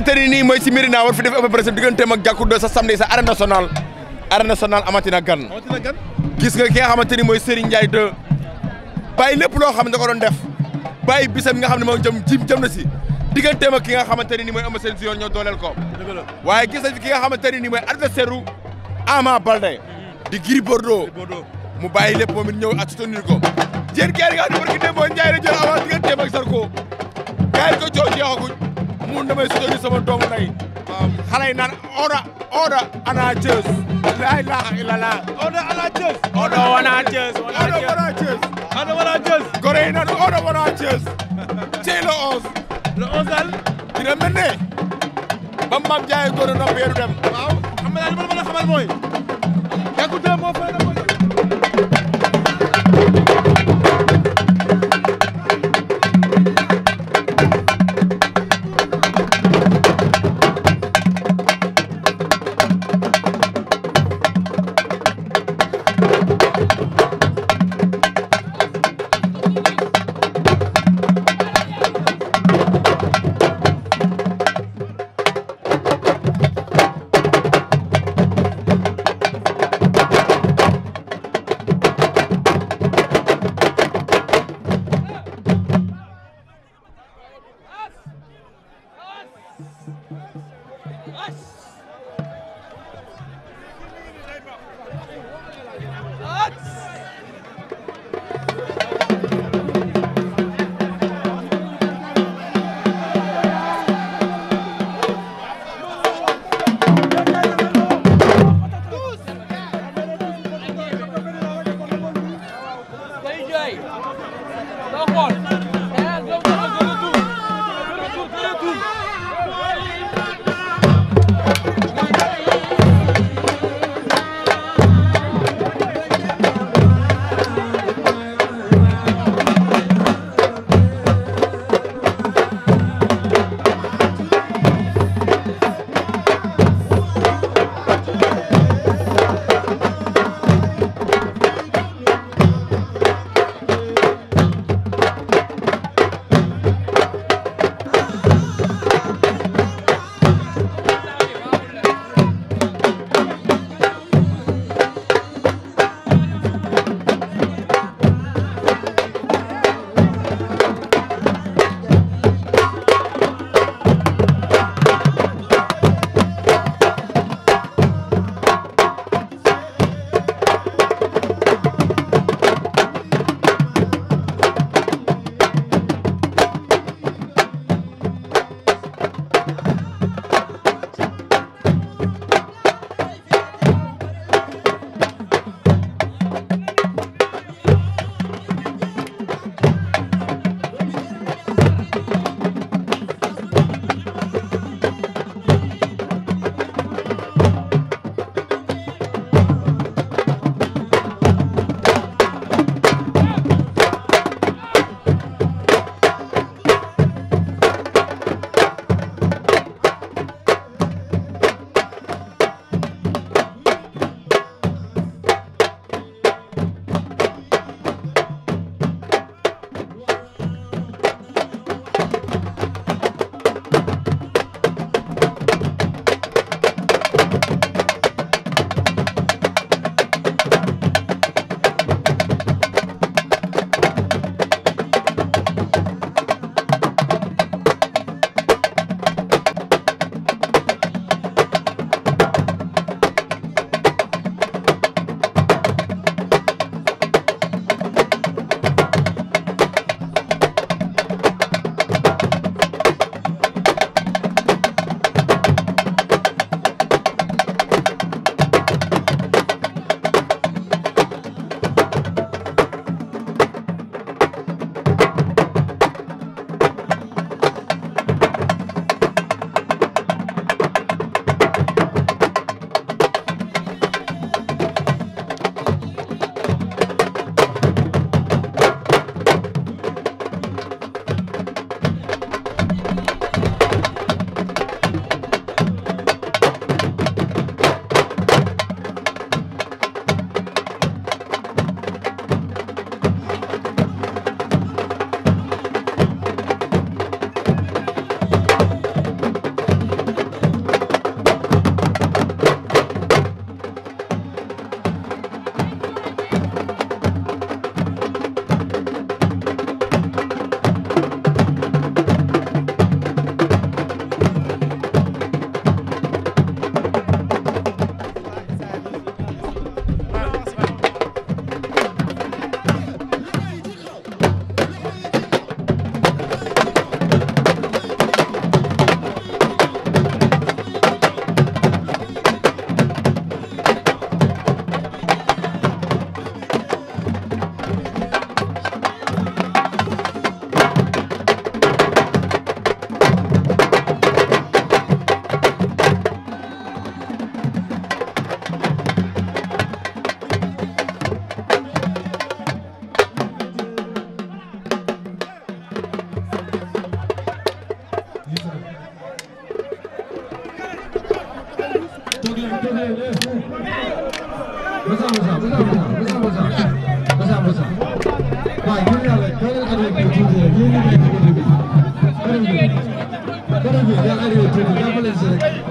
xamante ne nii mooy si Médina war fi def open press digganteem ak Gackou 2 sa samedi sa arène nationale arène nationale amatina gan gis nga ki nga xamante ni mooy Serigne Ndiaye 2 bàyyi lépp loo xam ne da ko doon def bàyyi bisam nga xam ne moom jëm jim jëm na si digganteem ak ki nga xamante ne nii mooy Eumeu si Junior ñoo dooleel ko waaye gis nañ fi ki nga xamante ne nii mooy adversaire u Ama Baldé di Gris Bordeaux mu bàyyi lépp moom it ñëw ak soutenir ko jén kari nga xam ne barki démb Ndiaye la jël avance digganteem ak Zarko gars yi ko coow jeexaguñ mun damay sujjóot sama doomu nay xale yi naan oda oda ana Thiès la ilaha illallah oda ana Thiès oda wana Thiès oda wana Thiès oda wana Thiès gore yi naan oda wana dem waaw xam nga daal li ma la a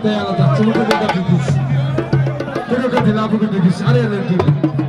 te yàlla tax su ma bëggee gàtt gis dëgg gàtt laa bëgg a gis arrêté leen tuuti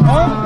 Hein